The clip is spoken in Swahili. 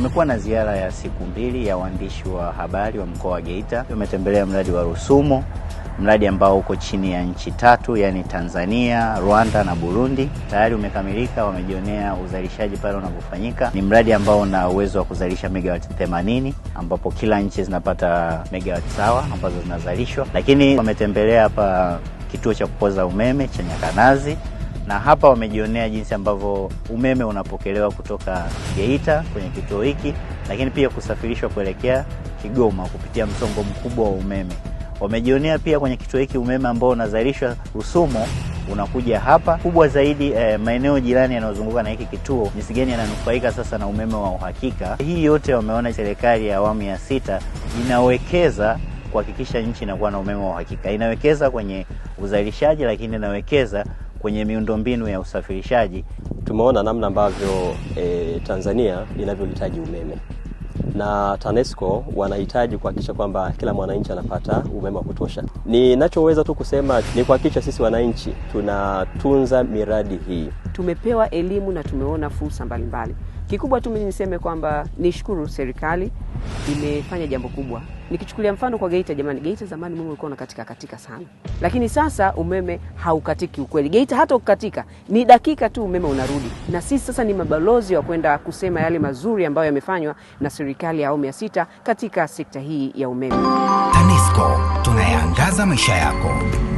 Tumekuwa na ziara ya siku mbili ya waandishi wa habari wa mkoa wa Geita. Tumetembelea mradi wa Rusumo, mradi ambao uko chini ya nchi tatu, yaani Tanzania, Rwanda na Burundi. Tayari umekamilika, wamejionea uzalishaji pale unavyofanyika. Ni mradi ambao una uwezo wa kuzalisha megawati 80 ambapo kila nchi zinapata megawati sawa ambazo zinazalishwa, lakini wametembelea hapa kituo cha kupoza umeme cha Nyakanazi na hapa wamejionea jinsi ambavyo umeme unapokelewa kutoka Geita kwenye kituo hiki, lakini pia kusafirishwa kuelekea Kigoma kupitia msongo mkubwa wa umeme. Wamejionea pia kwenye kituo hiki umeme ambao unazalishwa Rusumo unakuja hapa kubwa zaidi eh, maeneo jirani yanayozunguka na hiki kituo, jinsi gani yananufaika sasa na umeme wa uhakika. Hii yote wameona serikali ya awamu ya sita inawekeza kuhakikisha nchi inakuwa na umeme wa uhakika, inawekeza kwenye uzalishaji, lakini inawekeza kwenye miundombinu ya usafirishaji. Tumeona namna ambavyo e, Tanzania inavyohitaji umeme na TANESCO wanahitaji kuhakikisha kwamba kila mwananchi anapata umeme wa kutosha. Ninachoweza tu kusema ni kuhakikisha sisi wananchi tunatunza miradi hii tumepewa elimu na tumeona fursa mbalimbali. Kikubwa tu mimi niseme kwamba nishukuru serikali imefanya jambo kubwa. Nikichukulia mfano kwa Geita, jamani, Geita zamani umeme ulikuwa unakatika katika sana, lakini sasa umeme haukatiki ukweli. Geita hata ukatika ni dakika tu umeme unarudi, na sisi sasa ni mabalozi wa kwenda kusema yale mazuri ambayo yamefanywa na serikali ya awamu ya sita katika sekta hii ya umeme. TANESCO tunayaangaza maisha yako.